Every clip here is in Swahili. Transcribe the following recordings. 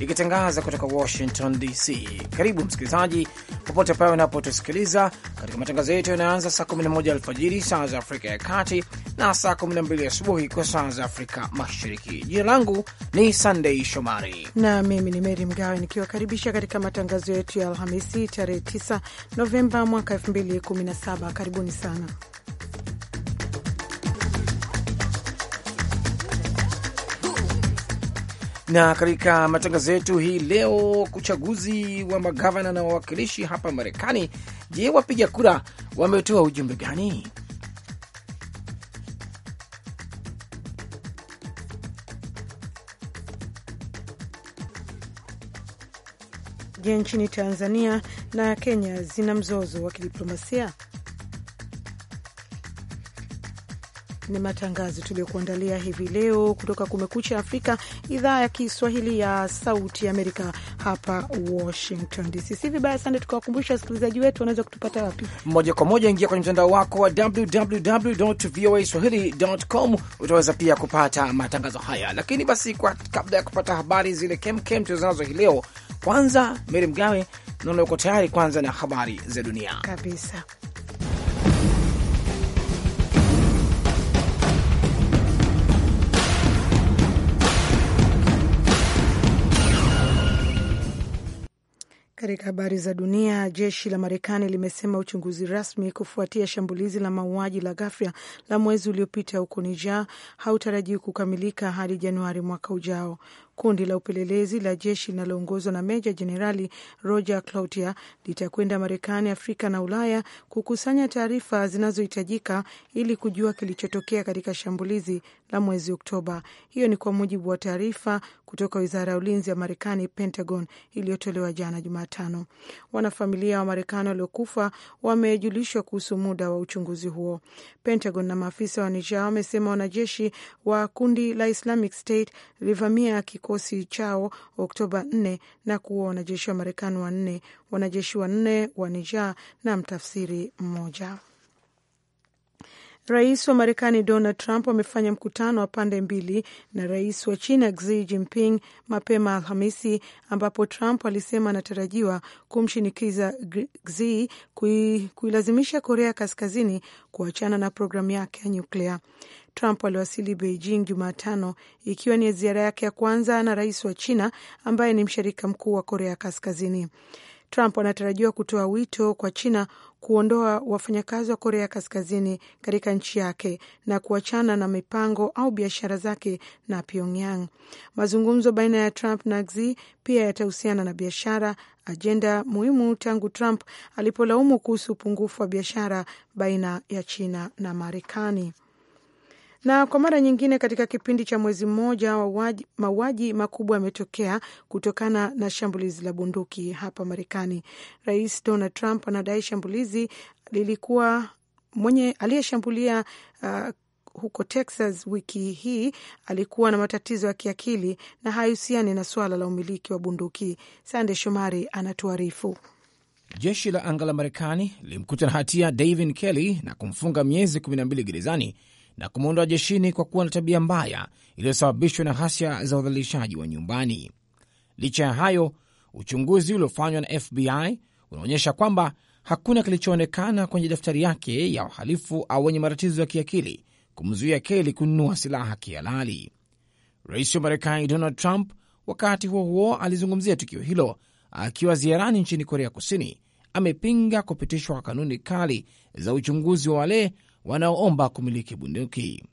ikitangaza kutoka Washington DC. Karibu msikilizaji, popote pale unapotusikiliza katika matangazo yetu yanaanza saa 11 alfajiri saa za Afrika ya Kati na saa 12 asubuhi kwa saa za Afrika Mashariki. Jina langu ni Sandei Shomari na mimi ni Meri Mgawe nikiwakaribisha katika matangazo yetu ya Alhamisi tarehe 9 Novemba mwaka 2017. Karibuni sana Na katika matangazo yetu hii leo, uchaguzi wa magavana na wawakilishi hapa Marekani. Je, wapiga kura wametoa ujumbe gani? Je, nchini Tanzania na Kenya zina mzozo wa kidiplomasia? ni matangazo tuliyokuandalia hivi leo kutoka Kumekucha Afrika, idhaa ya Kiswahili ya Sauti Amerika hapa Washington DC. Si vibaya sana tukawakumbusha wasikilizaji wetu wanaweza kutupata wapi? Moja kwa moja ingia kwenye mtandao wako wa www voa swahili.com. Utaweza pia kupata matangazo haya, lakini basi kwa, kabla ya kupata habari zile kemkem tulizonazo hii leo, kwanza Meri Mgawe naona uko tayari kwanza na habari za dunia kabisa. Katika habari za dunia, jeshi la Marekani limesema uchunguzi rasmi kufuatia shambulizi la mauaji la ghafla la mwezi uliopita huko Niger hautarajii kukamilika hadi Januari mwaka ujao. Kundi la upelelezi la jeshi linaloongozwa na meja jenerali Roger Cloutier litakwenda Marekani, Afrika na Ulaya kukusanya taarifa zinazohitajika ili kujua kilichotokea katika shambulizi la mwezi Oktoba. Hiyo ni kwa mujibu wa taarifa kutoka wizara ya ulinzi ya Marekani, Pentagon, iliyotolewa jana Jumatano. Wanafamilia wa Marekani waliokufa wamejulishwa kuhusu muda wa uchunguzi huo. Pentagon na maafisa wa Niger wamesema wanajeshi wa kundi la Islamic State lilivamia kikosi chao Oktoba 4 na kuwa wanajeshi wa Marekani wanne, wanajeshi wanne wa Niger na mtafsiri mmoja. Rais wa Marekani Donald Trump amefanya mkutano wa pande mbili na rais wa China Xi Jinping mapema Alhamisi, ambapo Trump alisema anatarajiwa kumshinikiza Xi kuilazimisha Korea Kaskazini kuachana na programu yake ya nyuklia. Trump aliwasili Beijing Jumatano, ikiwa ni ziara yake ya kwanza na rais wa China ambaye ni mshirika mkuu wa Korea Kaskazini. Trump anatarajiwa kutoa wito kwa China kuondoa wafanyakazi wa Korea Kaskazini katika nchi yake na kuachana na mipango au biashara zake na Pyongyang. Mazungumzo baina ya Trump na Xi pia yatahusiana na biashara, ajenda muhimu tangu Trump alipolaumu kuhusu upungufu wa biashara baina ya China na Marekani. Na kwa mara nyingine katika kipindi cha mwezi mmoja mauaji makubwa yametokea kutokana na shambulizi la bunduki hapa Marekani. Rais Donald Trump anadai shambulizi lilikuwa mwenye aliyeshambulia uh, huko Texas wiki hii alikuwa na matatizo ya kiakili na hayahusiani na suala la umiliki wa bunduki. Sande Shomari anatuarifu. Jeshi la anga la Marekani lilimkuta na hatia David Kelly na kumfunga miezi 12 gerezani na kumwondoa jeshini kwa kuwa na tabia mbaya iliyosababishwa na ghasia za udhalilishaji wa nyumbani. Licha ya hayo, uchunguzi uliofanywa na FBI unaonyesha kwamba hakuna kilichoonekana kwenye daftari yake ya uhalifu au wenye matatizo ya kiakili kumzuia Keli kununua silaha kihalali. Rais wa Marekani Donald Trump wakati huo huo alizungumzia tukio hilo akiwa ziarani nchini Korea Kusini. Amepinga kupitishwa kwa kanuni kali za uchunguzi wa wale wanaoomba kumiliki bunduki.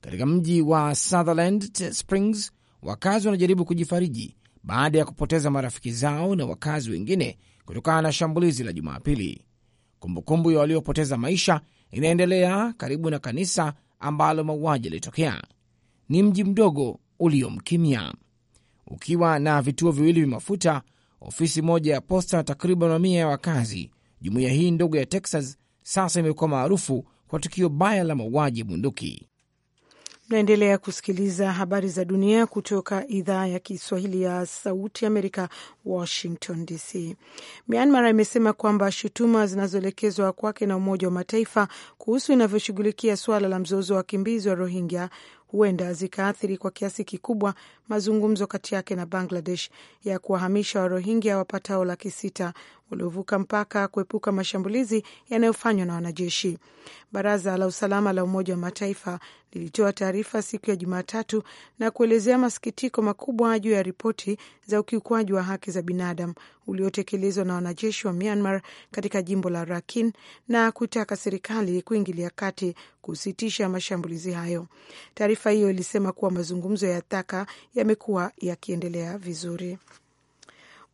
Katika mji wa Sutherland Springs, wakazi wanajaribu kujifariji baada ya kupoteza marafiki zao na wakazi wengine kutokana na shambulizi la Jumapili. Kumbukumbu ya waliopoteza maisha inaendelea karibu na kanisa ambalo mauaji yalitokea. Ni mji mdogo uliomkimya ukiwa na vituo viwili vya mafuta, ofisi moja ya posta na takriban mamia ya wakazi. Jumuiya hii ndogo ya Texas sasa imekuwa maarufu kwa tukio baya la mauaji bunduki. Mnaendelea kusikiliza habari za dunia kutoka idhaa ya Kiswahili ya Sauti Amerika, Washington DC. Myanmar imesema kwamba shutuma zinazoelekezwa kwake na Umoja wa Mataifa kuhusu inavyoshughulikia suala la mzozo wa wakimbizi wa Rohingya huenda zikaathiri kwa kiasi kikubwa mazungumzo kati yake na Bangladesh ya kuwahamisha Warohingya wapatao laki sita waliovuka mpaka kuepuka mashambulizi yanayofanywa na wanajeshi. Baraza la Usalama la Umoja wa Mataifa lilitoa taarifa siku ya Jumatatu na kuelezea masikitiko makubwa juu ya ripoti za ukiukwaji wa haki za binadamu uliotekelezwa na wanajeshi wa Myanmar katika jimbo la Rakhine na kutaka serikali kuingilia kati kusitisha mashambulizi hayo. Taarifa hiyo ilisema kuwa mazungumzo ya taka yamekuwa yakiendelea vizuri.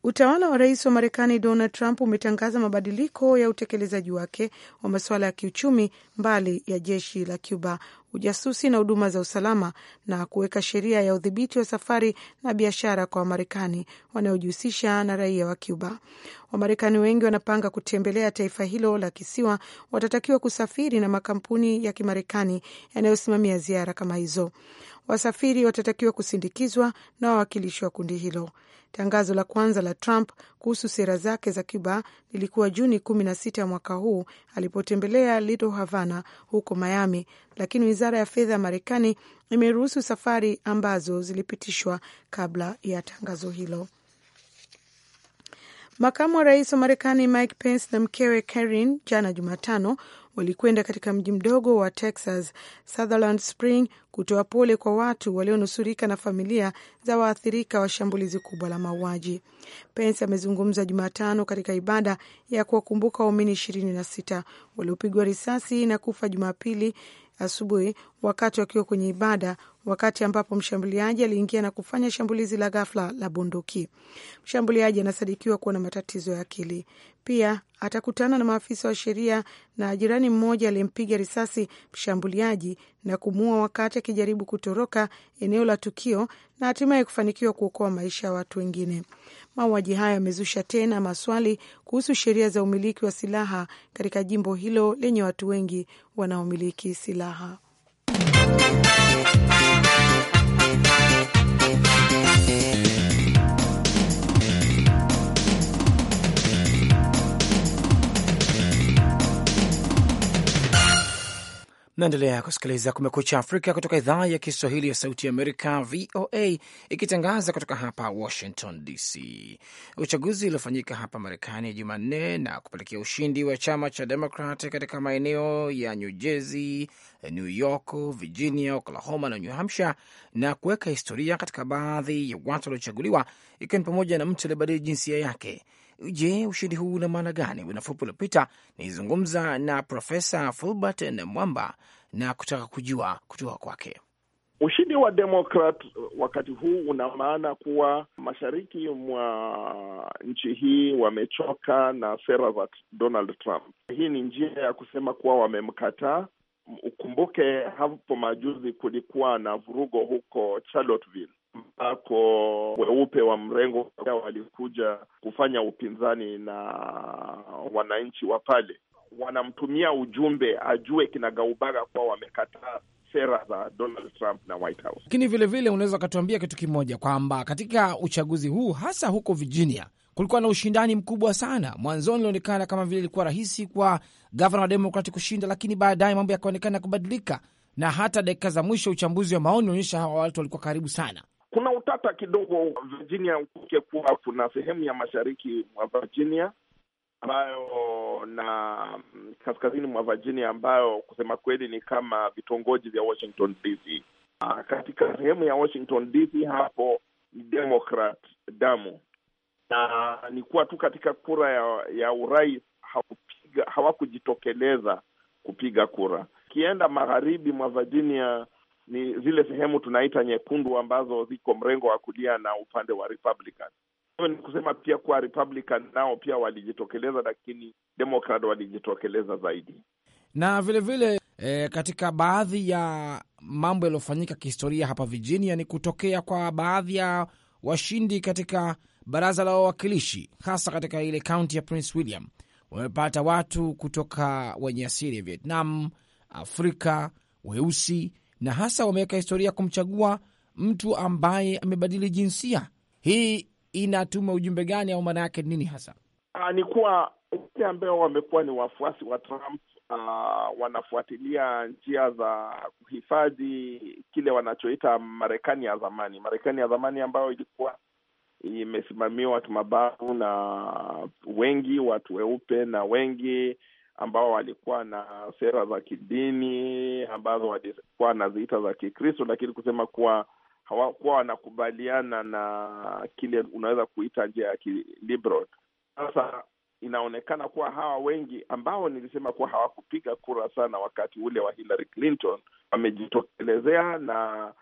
Utawala wa rais wa Marekani Donald Trump umetangaza mabadiliko ya utekelezaji wake wa masuala ya kiuchumi mbali ya jeshi la Cuba ujasusi na huduma za usalama na kuweka sheria ya udhibiti wa safari na biashara kwa Wamarekani wanaojihusisha na raia wa Cuba. Wamarekani wengi wanapanga kutembelea taifa hilo la kisiwa, watatakiwa kusafiri na makampuni ya Kimarekani yanayosimamia ziara kama hizo. Wasafiri watatakiwa kusindikizwa na wawakilishi wa kundi hilo. Tangazo la kwanza la Trump kuhusu sera zake za Cuba lilikuwa Juni 16 mwaka huu alipotembelea Little Havana huko Miami, lakini wizara ya fedha ya Marekani imeruhusu safari ambazo zilipitishwa kabla ya tangazo hilo. Makamu wa rais wa Marekani Mike Pence na mkewe karin jana Jumatano walikwenda katika mji mdogo wa Texas, Sutherland Spring, kutoa pole kwa watu walionusurika na familia za waathirika wa shambulizi kubwa la mauaji. Pence amezungumza Jumatano katika ibada ya kuwakumbuka waumini ishirini na sita waliopigwa risasi na kufa Jumapili asubuhi wakati wakiwa kwenye ibada, wakati ambapo mshambuliaji aliingia na kufanya shambulizi la ghafla la bunduki. Mshambuliaji anasadikiwa kuwa na matatizo ya akili. Pia atakutana na maafisa wa sheria na jirani mmoja aliyempiga risasi mshambuliaji na kumuua wakati akijaribu kutoroka eneo la tukio na hatimaye kufanikiwa kuokoa maisha ya watu wengine. Mauaji hayo yamezusha tena maswali kuhusu sheria za umiliki wa silaha katika jimbo hilo lenye watu wengi wanaomiliki silaha. Naendelea kusikiliza Kumekucha Afrika kutoka idhaa ya Kiswahili ya Sauti Amerika, VOA, ikitangaza kutoka hapa Washington DC. Uchaguzi uliofanyika hapa Marekani Jumanne na kupelekea ushindi wa chama cha Demokrat katika maeneo ya New Jersey, New York, Virginia, Oklahoma na New Hampshire, na kuweka historia katika baadhi ya watu waliochaguliwa, ikiwa ni pamoja na mtu aliyebadili jinsia yake Je, ushindi huu una maana gani? Muda mfupi uliopita nilizungumza na Profesa Fulbert na Mwamba na kutaka kujua kutoka kwake ushindi wa Demokrat wakati huu una maana kuwa mashariki mwa nchi hii wamechoka na sera za Donald Trump. Hii ni njia ya kusema kuwa wamemkataa. Ukumbuke hapo majuzi kulikuwa na vurugo huko Charlottesville ambako weupe wa mrengo walikuja kufanya upinzani na wananchi wa pale, wanamtumia ujumbe ajue kinagaubaga kuwa wamekataa sera za Donald Trump na White House. Lakini vilevile unaweza ukatuambia kitu kimoja kwamba katika uchaguzi huu hasa huko Virginia kulikuwa na ushindani mkubwa sana. Mwanzoni ilionekana kama vile ilikuwa rahisi kwa gavana wa Demokrati kushinda, lakini baadaye mambo yakaonekana kubadilika, na hata dakika za mwisho uchambuzi wa maoni unaonyesha hawa watu walikuwa karibu sana. Kuna utata kidogo Virginia, ukumbuke kuwa kuna sehemu ya mashariki mwa Virginia ambayo na mm, kaskazini mwa Virginia ambayo kusema kweli ni kama vitongoji vya Washington DC. Ah, katika sehemu ya Washington DC hapo ni Democrat damu na ni kuwa tu katika kura ya, ya urais hawakujitokeleza kupiga kura. Ukienda magharibi mwa Virginia ni zile sehemu tunaita nyekundu ambazo ziko mrengo wa kulia na upande wa Republican. Ni kusema pia kuwa Republican nao pia walijitokeleza, lakini Democrat walijitokeleza zaidi. Na vilevile vile, e, katika baadhi ya mambo yaliyofanyika kihistoria hapa Virginia ni kutokea kwa baadhi ya washindi katika baraza la wawakilishi, hasa katika ile kaunti ya Prince William. Wamepata watu kutoka wenye asili ya Vietnam, Afrika, weusi na hasa wameweka historia kumchagua mtu ambaye amebadili jinsia. Hii inatuma ujumbe gani, au maana yake nini hasa? Uh, ni kuwa wale ambao wamekuwa ni wafuasi wa Trump Uh, wanafuatilia njia za kuhifadhi kile wanachoita Marekani ya zamani, Marekani ya zamani ambayo ilikuwa imesimamiwa kimabavu na wengi watu weupe na wengi ambao walikuwa na sera za kidini ambazo walikuwa na ziita za Kikristo, lakini kusema kuwa hawakuwa wanakubaliana na kile unaweza kuita njia ya kiliberal. Sasa inaonekana kuwa hawa wengi ambao nilisema kuwa hawakupiga kura sana wakati ule wa Hillary Clinton wamejitokelezea, na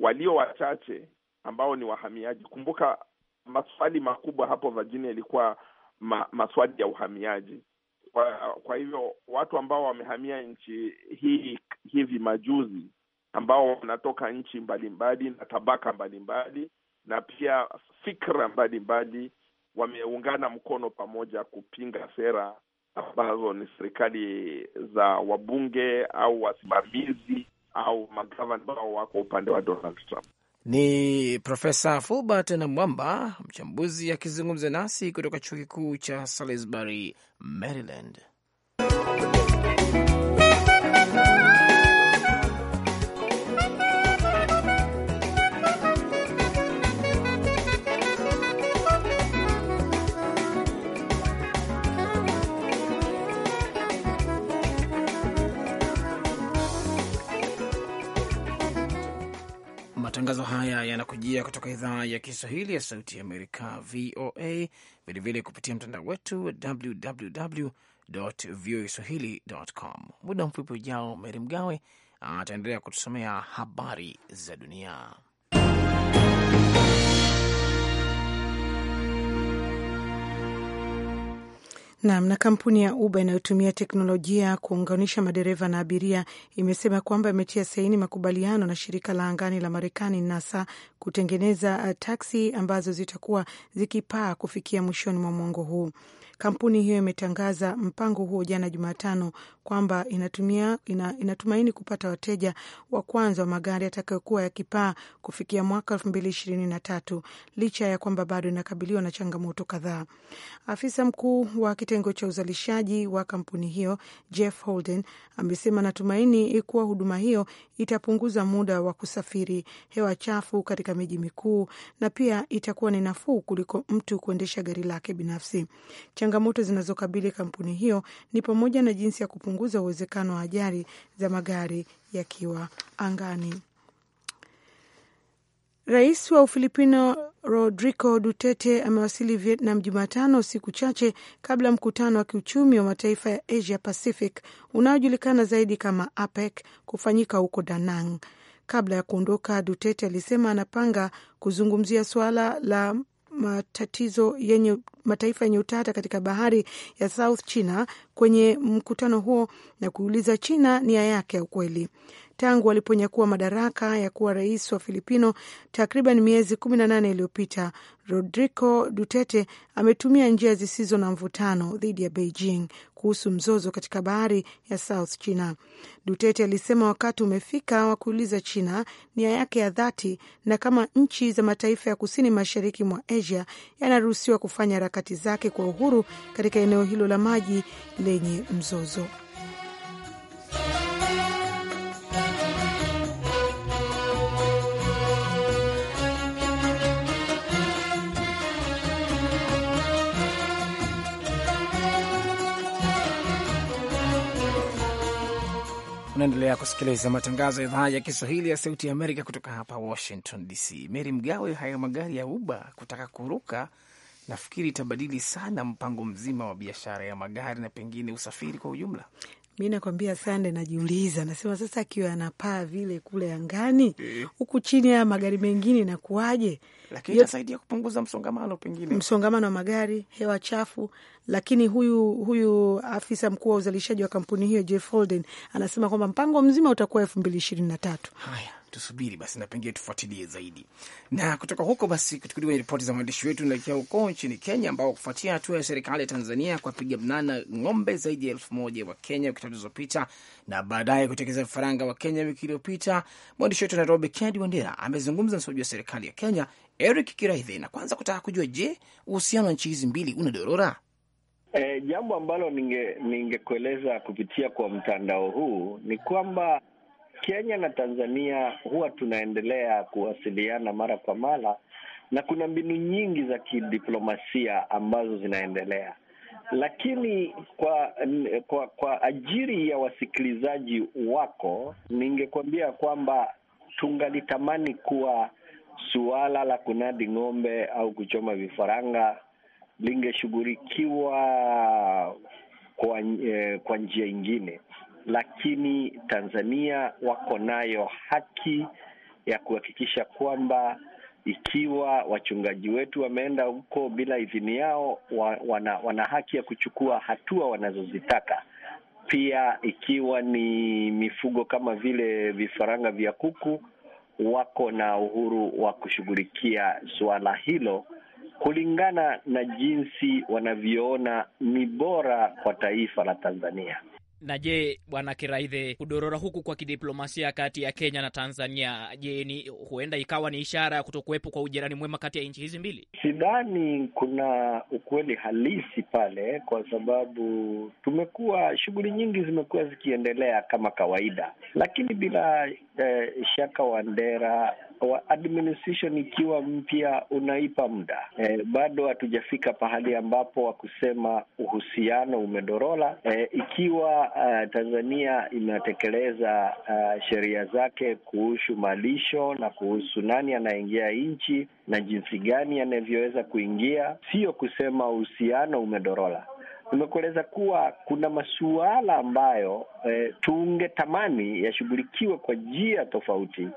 walio wachache ambao ni wahamiaji. Kumbuka maswali makubwa hapo Virginia ilikuwa ma, maswali ya uhamiaji kwa, kwa hivyo watu ambao wamehamia nchi hii hivi majuzi ambao wanatoka nchi mbalimbali na tabaka mbalimbali na pia fikra mbalimbali wameungana mkono pamoja kupinga sera ambazo ni serikali za wabunge au wasimamizi au magavana ambao wako upande wa Donald Trump. Ni Profesa Fulbert na Mwamba, mchambuzi akizungumza nasi kutoka chuo kikuu cha Salisbury, Maryland. Matangazo haya yanakujia kutoka idhaa ya Kiswahili ya Sauti ya Amerika, VOA, vilevile kupitia mtandao wetu www voa swahili.com. Muda mfupi ujao, Meri Mgawe ataendelea kutusomea habari za dunia. Nam na kampuni ya Uber inayotumia teknolojia kuunganisha madereva na abiria imesema kwamba imetia saini makubaliano na shirika la angani la Marekani NASA kutengeneza uh, taksi ambazo zitakuwa zikipaa kufikia mwishoni mwa mwongo huu. Kampuni hiyo imetangaza mpango huo jana Jumatano, kwamba inatumia, ina, inatumaini kupata wateja wa kwanza wa magari yatakayokuwa yakipaa kufikia mwaka elfu mbili ishirini na tatu licha ya kwamba bado inakabiliwa na changamoto kadhaa. Afisa mkuu wa kitengo cha uzalishaji wa kampuni hiyo Jeff Holden amesema anatumaini kuwa huduma hiyo itapunguza muda wa kusafiri, hewa chafu katika miji mikuu na pia itakuwa ni nafuu kuliko mtu kuendesha gari lake binafsi. Changamoto zinazokabili kampuni hiyo ni pamoja na jinsi ya kupunguza kupunguza uwezekano wa ajali za magari yakiwa angani. Rais wa Ufilipino Rodrigo Duterte amewasili Vietnam Jumatano, siku chache kabla mkutano wa kiuchumi wa mataifa ya Asia Pacific unaojulikana zaidi kama APEC kufanyika huko Danang. Kabla ya kuondoka, Duterte alisema anapanga kuzungumzia suala la matatizo yenye mataifa yenye utata katika bahari ya South China kwenye mkutano huo na kuuliza China nia yake ya ukweli. Tangu aliponyakua madaraka ya kuwa rais wa Filipino takriban miezi kumi na nane iliyopita, Rodrigo Duterte ametumia njia zisizo na mvutano dhidi ya Beijing kuhusu mzozo katika bahari ya South China. Duterte alisema wakati umefika wa kuuliza China nia yake ya dhati na kama nchi za mataifa ya kusini mashariki mwa Asia yanaruhusiwa kufanya harakati zake kwa uhuru katika eneo hilo la maji lenye mzozo. Unaendelea kusikiliza matangazo ya idhaa ya Kiswahili ya Sauti ya Amerika kutoka hapa Washington DC. Meri Mgawe, hayo magari ya Uber kutaka kuruka nafikiri itabadili sana mpango mzima wa biashara ya magari na pengine usafiri kwa ujumla. Mi nakwambia Sande, najiuliza nasema, sasa akiwa anapaa vile kule angani eh. huku chini ya magari mengine inakuwaje? Lakini itasaidia kupunguza msongamano, pengine msongamano wa magari, hewa chafu. Lakini huyu huyu afisa mkuu wa uzalishaji wa kampuni hiyo Jeff Holden anasema kwamba mpango mzima utakuwa elfu mbili ishirini na tatu. Haya, tusubiri basi na pengine tufuatilie zaidi. Na kutoka huko basi, tukurudi kwenye ripoti za waandishi wetu, naelekea huko nchini Kenya, ambao kufuatia hatua ya serikali ya Tanzania kuwapiga mnana ng'ombe zaidi ya elfu moja wa Kenya wiki tatu zilizopita na baadaye kutekeleza vifaranga wa Kenya wiki iliyopita, mwandishi wetu Nairobi Kennedy Wandera amezungumza na msemaji wa serikali ya Kenya Eric Kiraithe na kwanza kutaka kujua, je, uhusiano wa nchi hizi mbili unadorora? E, jambo ambalo ningekueleza ninge kupitia kwa mtandao huu ni kwamba Kenya na Tanzania huwa tunaendelea kuwasiliana mara kwa mara, na kuna mbinu nyingi za kidiplomasia ambazo zinaendelea, lakini kwa kwa, kwa ajili ya wasikilizaji wako ningekuambia kwamba tungalitamani kuwa suala la kunadi ng'ombe au kuchoma vifaranga lingeshughulikiwa kwa, eh, kwa njia ingine lakini Tanzania wako nayo haki ya kuhakikisha kwamba ikiwa wachungaji wetu wameenda huko bila idhini yao, wa, wana, wana haki ya kuchukua hatua wanazozitaka. Pia ikiwa ni mifugo kama vile vifaranga vya kuku, wako na uhuru wa kushughulikia suala hilo kulingana na jinsi wanavyoona ni bora kwa taifa la Tanzania. Na je, bwana Kiraithe, kudorora huku kwa kidiplomasia kati ya Kenya na Tanzania, je, ni huenda ikawa ni ishara ya kutokuwepo kwa ujirani mwema kati ya nchi hizi mbili? Sidhani kuna ukweli halisi pale, kwa sababu tumekuwa shughuli nyingi zimekuwa zikiendelea kama kawaida, lakini bila eh, shaka Wandera wa administration ikiwa mpya unaipa muda e, bado hatujafika pahali ambapo wa kusema uhusiano umedorola e, ikiwa uh, Tanzania inatekeleza uh, sheria zake kuhusu malisho na kuhusu nani anaingia nchi na jinsi gani anavyoweza kuingia, sio kusema uhusiano umedorola. Nimekueleza kuwa kuna masuala ambayo e, tungetamani yashughulikiwe kwa njia tofauti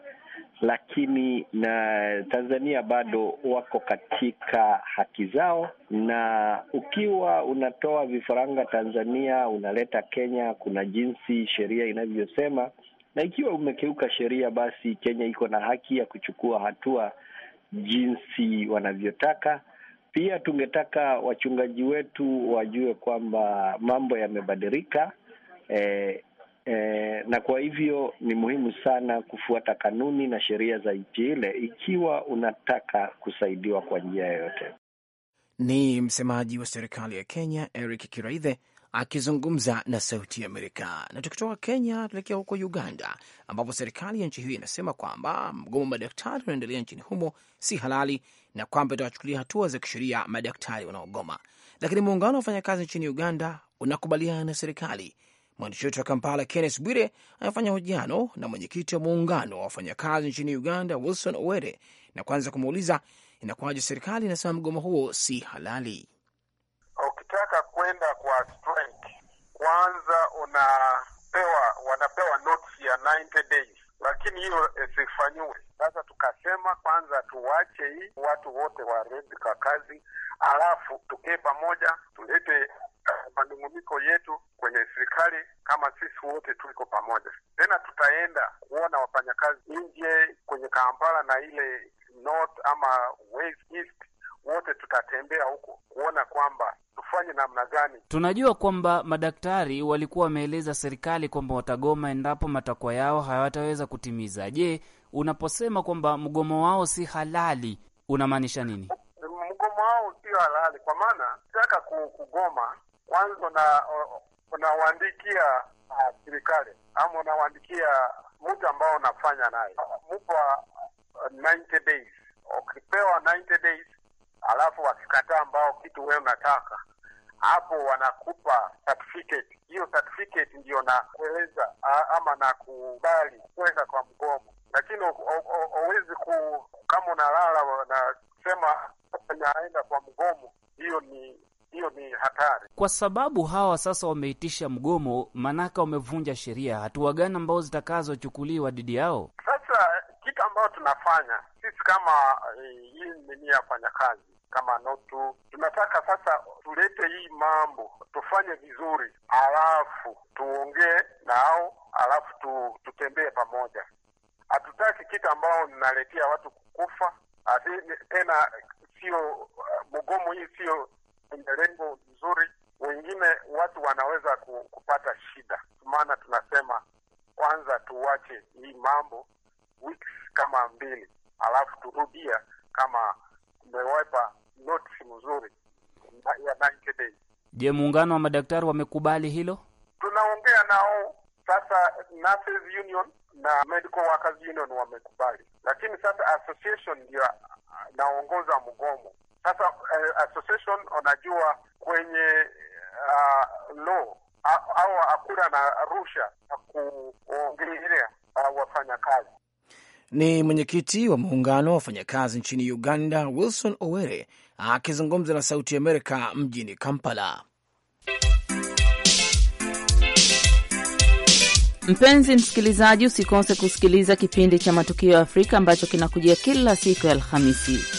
lakini na Tanzania bado wako katika haki zao, na ukiwa unatoa vifaranga Tanzania unaleta Kenya, kuna jinsi sheria inavyosema, na ikiwa umekeuka sheria, basi Kenya iko na haki ya kuchukua hatua jinsi wanavyotaka. Pia tungetaka wachungaji wetu wajue kwamba mambo yamebadilika. Eh, Eh, na kwa hivyo ni muhimu sana kufuata kanuni na sheria za nchi ile ikiwa unataka kusaidiwa kwa njia yoyote. Ni msemaji wa serikali ya Kenya Eric Kiraithe akizungumza na Sauti ya Amerika. Na tukitoka Kenya tuelekea huko Uganda, ambapo serikali ya nchi hiyo inasema kwamba mgomo wa madaktari unaendelea nchini humo si halali na kwamba itawachukulia hatua za kisheria madaktari wanaogoma. Lakini muungano wa wafanyakazi nchini Uganda unakubaliana na serikali Mwandishi wetu wa Kampala, Kenneth Bwire, amefanya hojiano na mwenyekiti wa muungano wa wafanyakazi nchini Uganda, Wilson Owere, na kwanza kumuuliza inakuwaje serikali inasema mgomo huo si halali. Ukitaka kwenda kwa strike, kwanza unapewa wanapewa notice ya 90 days, lakini hiyo isifanyiwe. Sasa tukasema kwanza tuwache hii watu wote warudi kwa kazi, alafu tukee pamoja tulete manung'uniko yetu kwenye serikali kama sisi wote tuliko pamoja. Tena tutaenda kuona wafanyakazi nje kwenye Kampala na ile north ama west east, wote tutatembea huko kuona kwamba tufanye namna gani. Tunajua kwamba madaktari walikuwa wameeleza serikali kwamba watagoma endapo matakwa yao hawataweza kutimiza. Je, unaposema kwamba mgomo wao si halali unamaanisha nini? Mgomo wao sio halali, kwa maana taka kugoma kwanza na unawaandikia ah, serikali uh, ama unawaandikia mtu ambao unafanya naye mupa uh, 90 days. Ukipewa 90 days alafu wakikataa ambao kitu wewe unataka hapo wanakupa certificate. Hiyo certificate ndio na kueleza ama na kubali kwa mgomo, lakini huwezi ku kama unalala unasema naenda kwa mgomo, hiyo ni hiyo ni hatari, kwa sababu hawa sasa wameitisha mgomo, maanake wamevunja sheria. Hatua gani ambazo zitakazochukuliwa dhidi yao? Sasa kitu ambayo tunafanya sisi kama eh, hii e, nini yafanya kazi kama NOTU tunataka sasa tulete hii mambo tufanye vizuri, alafu tuongee nao, alafu tu, tutembee pamoja. Hatutaki kitu ambao ninaletea watu kukufa ati, tena sio eh, mgomo hii sio kwenye lengo nzuri, wengine watu wanaweza kupata shida. Maana tunasema kwanza tuwache hii mambo weeks kama mbili, alafu turudia kama tumewapa notisi mzuri ya 90 days. Je, muungano wa madaktari wamekubali hilo? Tunaongea nao sasa, Nurses Union na Medical Workers Union wamekubali, lakini sasa association ndio uh, naongoza mgomo sasa uh, association unajua kwenye uh, law au hakuna na rusha na kuongelea uh, wafanyakazi. Ni mwenyekiti wa muungano wa wafanyakazi nchini Uganda, Wilson Owere akizungumza na Sauti Amerika mjini Kampala. Mpenzi msikilizaji, usikose kusikiliza kipindi cha Matukio ya Afrika ambacho kinakujia kila siku ya Alhamisi.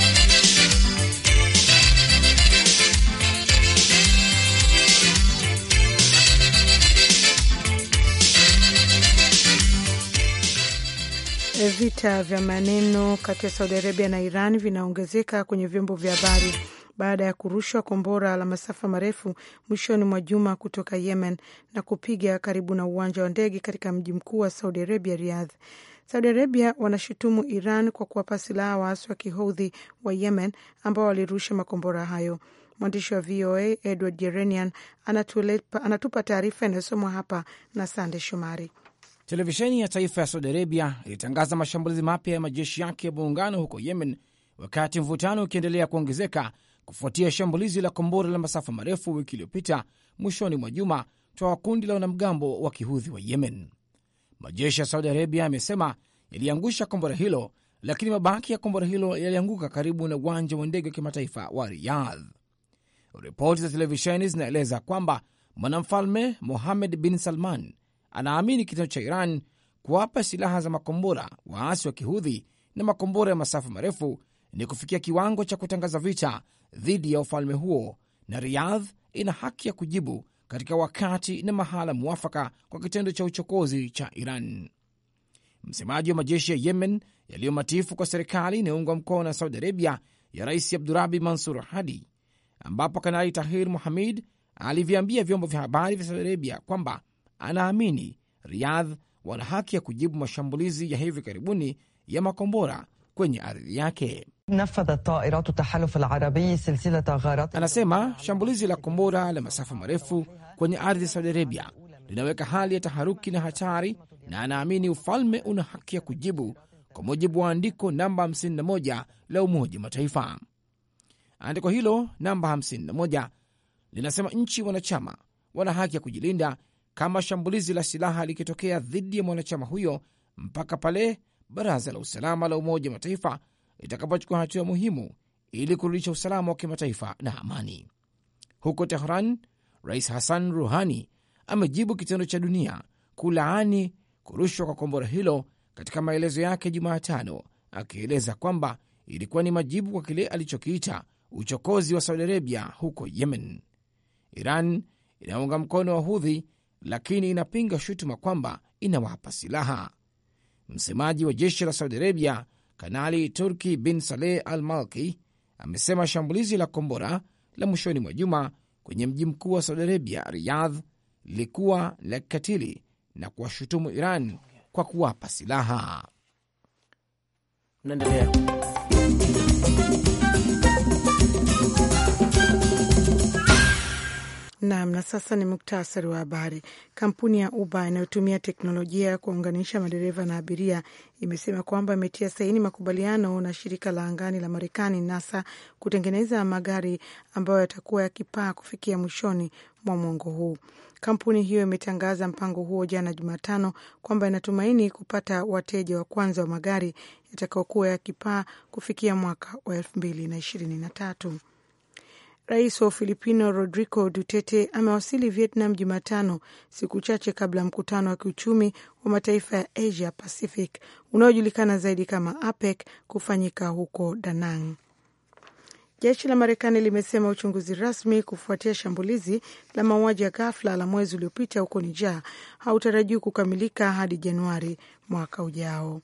Eh, vita vya maneno kati ya Saudi Arabia na Iran vinaongezeka kwenye vyombo vya habari baada ya kurushwa kombora la masafa marefu mwishoni mwa juma kutoka Yemen na kupiga karibu na uwanja wa ndege katika mji mkuu wa Saudi Arabia, Riyadh. Saudi Arabia wanashutumu Iran kwa kuwapa silaha waasi wa kihoudhi wa Yemen ambao walirusha makombora hayo. Mwandishi wa VOA Edward jerenian anatupa taarifa inayosomwa hapa na Sande Shomari. Televisheni ya taifa ya Saudi Arabia ilitangaza mashambulizi mapya ya majeshi yake ya muungano huko Yemen, wakati mvutano ukiendelea kuongezeka kufuatia shambulizi la kombora la masafa marefu wiki iliyopita mwishoni mwa juma toa kundi la wanamgambo wa kihudhi wa Yemen. Majeshi ya Saudi Arabia yamesema yaliangusha kombora hilo, lakini mabaki ya kombora hilo yalianguka karibu na uwanja wa ndege wa kimataifa wa Riyadh. Ripoti za televisheni zinaeleza kwamba mwanamfalme Mohammed bin Salman anaamini kitendo cha Iran kuwapa silaha za makombora waasi wa kihudhi na makombora ya masafa marefu ni kufikia kiwango cha kutangaza vita dhidi ya ufalme huo, na Riyadh ina haki ya kujibu katika wakati na mahala mwafaka kwa kitendo cha uchokozi cha Iran. Msemaji wa majeshi ya Yemen yaliyo matifu kwa serikali inayoungwa mkono na Saudi Arabia ya Rais Abdurabi Mansur Hadi, ambapo Kanali Tahir Muhamid aliviambia vyombo vya habari vya Saudi Arabia kwamba anaamini Riyadh wana haki ya kujibu mashambulizi ya hivi karibuni ya makombora kwenye ardhi yake. Anasema shambulizi la kombora la masafa marefu kwenye ardhi ya Saudi Arabia linaweka hali ya taharuki na hatari, na anaamini ufalme una haki ya kujibu kwa mujibu wa andiko namba 51 la Umoja wa Mataifa. Andiko hilo namba 51 linasema nchi wanachama wana haki ya kujilinda kama shambulizi la silaha likitokea dhidi ya mwanachama huyo mpaka pale baraza la usalama la Umoja wa Mataifa litakapochukua hatua muhimu ili kurudisha usalama wa kimataifa na amani. Huko Tehran, Rais Hassan Ruhani amejibu kitendo cha dunia kulaani kurushwa kwa kombora hilo katika maelezo yake Jumatano, akieleza kwamba ilikuwa ni majibu kwa kile alichokiita uchokozi wa Saudi Arabia huko Yemen. Iran inaunga mkono wa hudhi lakini inapinga shutuma kwamba inawapa silaha. Msemaji wa jeshi la Saudi Arabia, Kanali Turki bin Saleh Al Malki, amesema shambulizi la kombora la mwishoni mwa juma kwenye mji mkuu wa Saudi Arabia, Riyadh, lilikuwa la kikatili na kuwashutumu Iran kwa kuwapa silaha. Naendelea. Nam. Na sasa ni muktasari wa habari. Kampuni ya Uber inayotumia teknolojia ya kuwaunganisha madereva na abiria imesema kwamba imetia saini makubaliano na shirika la angani la Marekani, NASA, kutengeneza magari ambayo yatakuwa yakipaa kufikia mwishoni mwa mwongo huu. Kampuni hiyo imetangaza mpango huo jana Jumatano kwamba inatumaini kupata wateja wa kwanza wa magari yatakaokuwa yakipaa kufikia mwaka wa elfu mbili na ishirini na tatu. Rais wa Ufilipino Rodrigo Duterte amewasili Vietnam Jumatano, siku chache kabla ya mkutano wa kiuchumi wa mataifa ya Asia Pacific unaojulikana zaidi kama APEC kufanyika huko Danang. Jeshi la Marekani limesema uchunguzi rasmi kufuatia shambulizi la mauaji ya ghafla la mwezi uliopita huko Niger hautarajiwi kukamilika hadi Januari mwaka ujao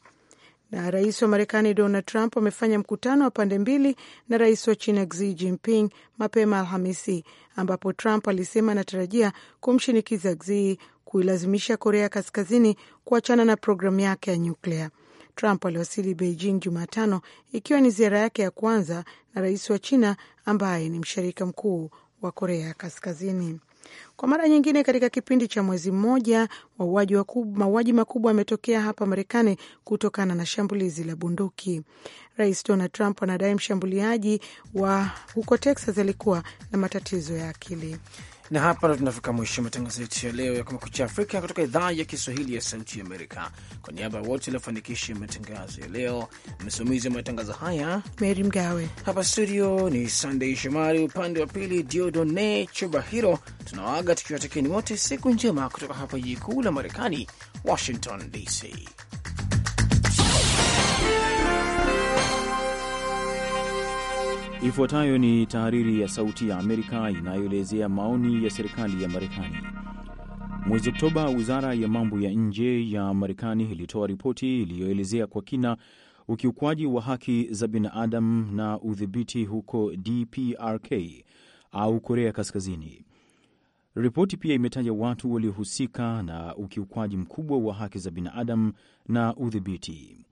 na rais wa Marekani Donald Trump amefanya mkutano wa pande mbili na rais wa China Xi Jinping mapema Alhamisi, ambapo Trump alisema anatarajia kumshinikiza Xi kuilazimisha Korea Kaskazini kuachana na programu yake ya nyuklia. Trump aliwasili Beijing Jumatano, ikiwa ni ziara yake ya kwanza na rais wa China ambaye ni mshirika mkuu wa Korea Kaskazini. Kwa mara nyingine katika kipindi cha mwezi mmoja, mauaji makubwa yametokea hapa Marekani kutokana na shambulizi la bunduki. Rais Donald Trump anadai mshambuliaji wa huko Texas alikuwa na matatizo ya akili. Na hapa ndo tunafika mwisho matangazo yetu ya leo ya Kumekucha Afrika kutoka idhaa ya Kiswahili ya Sauti Amerika. Kwa niaba ya wote waliofanikisha matangazo ya leo, msimamizi wa matangazo haya Meri Mgawe, hapa studio ni Sandey Shomari, upande wa pili Diodone Chubahiro. Tunawaaga tukiwatakieni wote siku njema kutoka hapa jiji kuu la Marekani, Washington DC. Ifuatayo ni tahariri ya Sauti ya Amerika inayoelezea maoni ya serikali ya Marekani. Mwezi Oktoba, wizara ya mambo ya nje ya Marekani ilitoa ripoti iliyoelezea kwa kina ukiukwaji wa haki za binadamu na udhibiti huko DPRK au Korea Kaskazini. Ripoti pia imetaja watu waliohusika na ukiukwaji mkubwa wa haki za binadamu na udhibiti.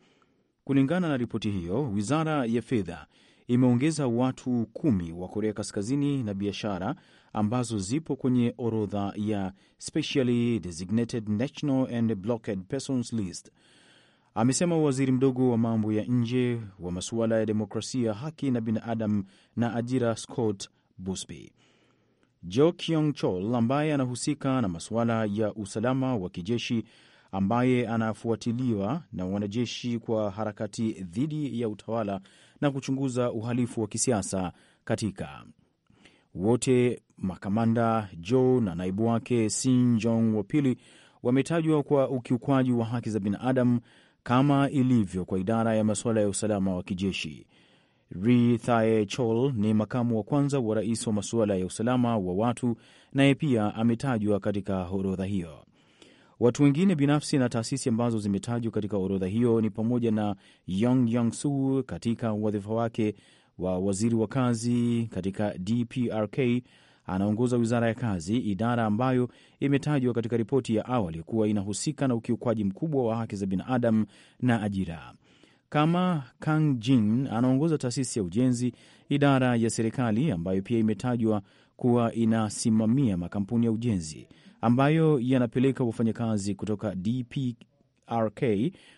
Kulingana na ripoti hiyo, wizara ya fedha imeongeza watu kumi wa Korea Kaskazini na biashara ambazo zipo kwenye orodha ya Specially Designated National and Blocked Persons List, amesema waziri mdogo wa mambo ya nje wa masuala ya demokrasia, haki na binadamu na ajira Scott Busby. Jo Kyong Chol ambaye anahusika na masuala ya usalama wa kijeshi ambaye anafuatiliwa na wanajeshi kwa harakati dhidi ya utawala na kuchunguza uhalifu wa kisiasa katika wote makamanda Joe na naibu wake Sinjong wa pili wametajwa kwa ukiukwaji wa haki za binadamu kama ilivyo kwa idara ya masuala ya usalama wa kijeshi. Ri Thae Chol ni makamu wa kwanza wa rais wa masuala ya usalama wa watu, naye pia ametajwa katika orodha hiyo. Watu wengine binafsi na taasisi ambazo zimetajwa katika orodha hiyo ni pamoja na Yong Yong Su katika wadhifa wake wa waziri wa kazi katika DPRK anaongoza wizara ya kazi, idara ambayo imetajwa katika ripoti ya awali kuwa inahusika na ukiukwaji mkubwa wa haki za binadamu na ajira. Kama Kang Jin anaongoza taasisi ya ujenzi, idara ya serikali ambayo pia imetajwa kuwa inasimamia makampuni ya ujenzi ambayo yanapeleka wafanyakazi kutoka DPRK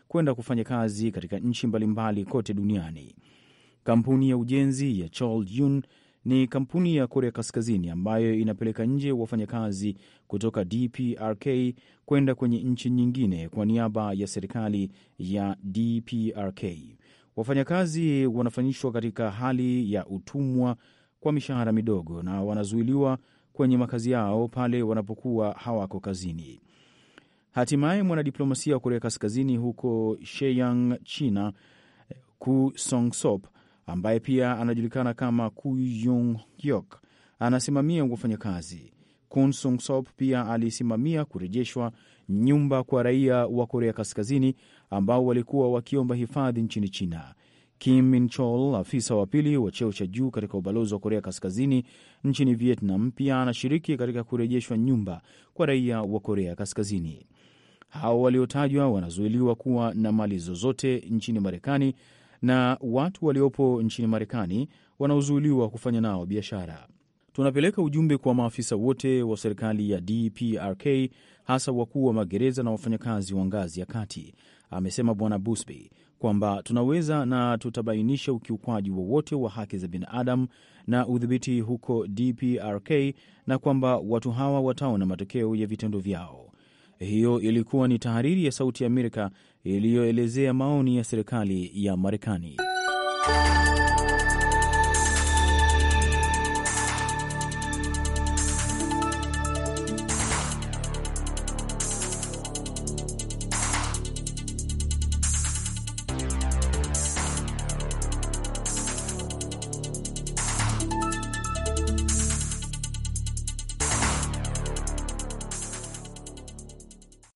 kwenda kufanya kazi katika nchi mbalimbali kote duniani. Kampuni ya ujenzi ya Chol Yun ni kampuni ya Korea Kaskazini ambayo inapeleka nje wafanyakazi kutoka DPRK kwenda kwenye nchi nyingine kwa niaba ya serikali ya DPRK. Wafanyakazi wanafanyishwa katika hali ya utumwa kwa mishahara midogo na wanazuiliwa kwenye makazi yao pale wanapokuwa hawako kazini. Hatimaye mwanadiplomasia wa Korea Kaskazini huko sheyang China, Ku Songsop, ambaye pia anajulikana kama Ku Yung anasimamia wafanyakazi. Kun Songsop pia alisimamia kurejeshwa nyumba kwa raia wa Korea Kaskazini ambao walikuwa wakiomba hifadhi nchini China. Kim Min Chol, afisa wa pili wa cheo cha juu katika ubalozi wa Korea Kaskazini nchini Vietnam, pia anashiriki katika kurejeshwa nyumba kwa raia wa Korea Kaskazini. Hao waliotajwa wanazuiliwa kuwa na mali zozote nchini Marekani na watu waliopo nchini Marekani wanaozuiliwa kufanya nao biashara. Tunapeleka ujumbe kwa maafisa wote wa serikali ya DPRK, hasa wakuu wa magereza na wafanyakazi wa ngazi ya kati, amesema Bwana Busby kwamba tunaweza na tutabainisha ukiukwaji wowote wa, wa haki za binadamu na udhibiti huko DPRK na kwamba watu hawa wataona matokeo ya vitendo vyao. Hiyo ilikuwa ni tahariri ya Sauti ya Amerika iliyoelezea maoni ya serikali ya Marekani.